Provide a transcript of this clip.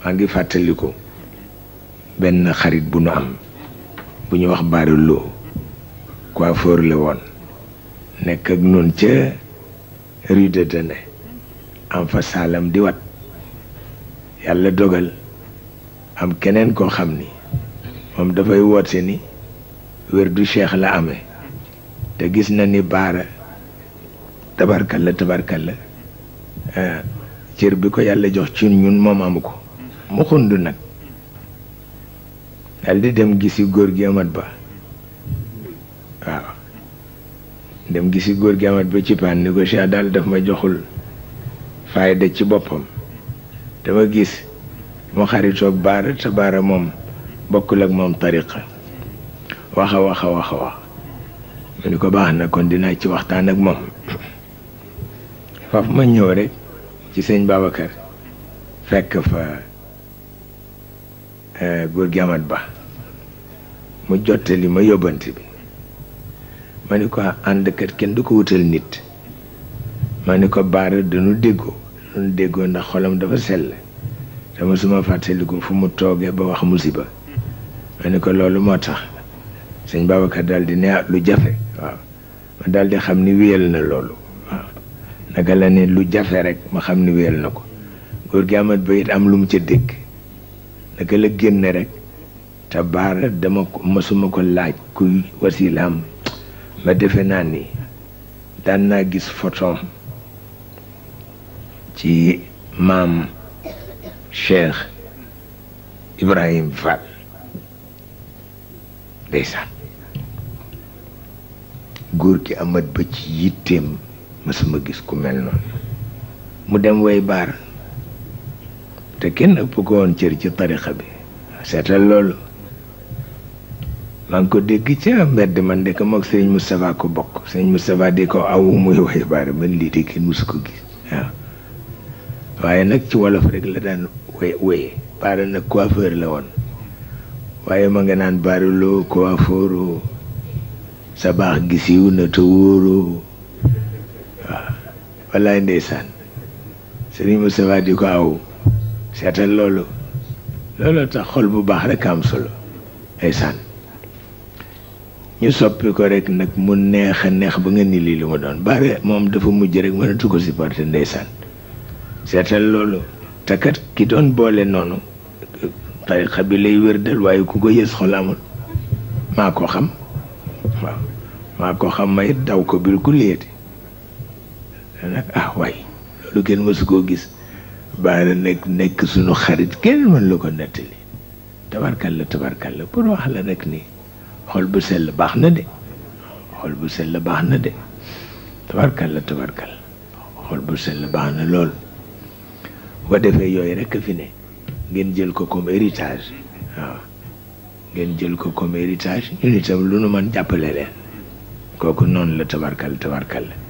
maa ngi fàttaliku benn xarit bu nu am bu ñu wax baara loo coiffeur la woon nekk ak noonu ca rue de Dene am fa saalam di wat yàlla dogal am keneen koo xam ni moom dafay woote ni wér du cheikh la amee te gis na ni baara tabarkal la tabarkal la eh, cër bi ko yàlla jox ci ñun moom amu ko mu xund nag dal di dem gisi góor gi amat ba waaw dem gisi góor gi amat ba ci paan ni daal daf ma joxul de ci boppam dama gis mu xaritoog baara te baara moom bokkul ak moom tariqa wax a wax a wax a wax mu ni ko baax na kon dina ci waxtaan ak moom faf ma ñëw rek ci seen Babacar fekk fa góor eh, gi amat ba mu jottali ma yóbbante bi ma ni ko ànd kenn du ko wutal nit ma ni ko baara dañu déggoo dañu déggoo ndax xolam dafa sell dama suma fàttaliku fu mu toogee ba wax musiba ma ni ko loolu moo tax sëñ Babacar daal di ne ah, lu jafe waaw ma daal di xam ni wéyal na loolu waaw naka la ne lu jafe rek ma xam ni wéyal na ko góor gi ba it am lu mu ca dégg daka la génn rek te baara dama ko mësuma ko laaj kuy wasilaam ma defe naa ni daan naa gis photom ci maam Cheikh Ibrahim Fall ndeysaan góor ki amat ba ci yitteem mësuma gis ku mel noonu mu dem way baara te kenn ëpp ko woon cër ci tariqa bi seetal loolu maa ngi ko dégg ca mbedd man de ko mag sëñ Moustapha ko bokk sëñ Moustapha di ko aw muy wax baare man lii de kenn mosu ko gis waaw waaye nag ci wolof rek la daan wéy wéy baare nag coiffeur la woon waaye ma nga naan baaruloo coiffeur sa baax gisiw na te wóoru waaw walaay ndeysaan sëriñ Moustapha di ko aw seetal loolu looloo tax xol bu baax rek am solo ay ndeysaan ñu soppi ko rek nag mu neexa neex ba nga ni lii li ma doon bare moom dafa mujj rek mënatu ko supporter ndeysaan seetal loolu te kat ki doon boole noonu tariqa bi lay wér dal waaye ku ko yës xol amul maa ko xam waaw maa ko xam may daw ko bil ku liyati nag ah waay loolu kenn mësu koo gis baara nekk nekk suñu xarit kenn mën la ko nettali tabarkalla tabarkalla pour wax la rek nii xool bu sell baax na de xol bu sell baax na de tabarkalla tabarkalla xol bu sell baax na lool ba defee yooyu rek fi ne ngeen jël ko comme héritage waaw ngeen jël ko comme héritage ñun lu nu mën jàppale leen kooku noonu la tabarkalla tabarkalla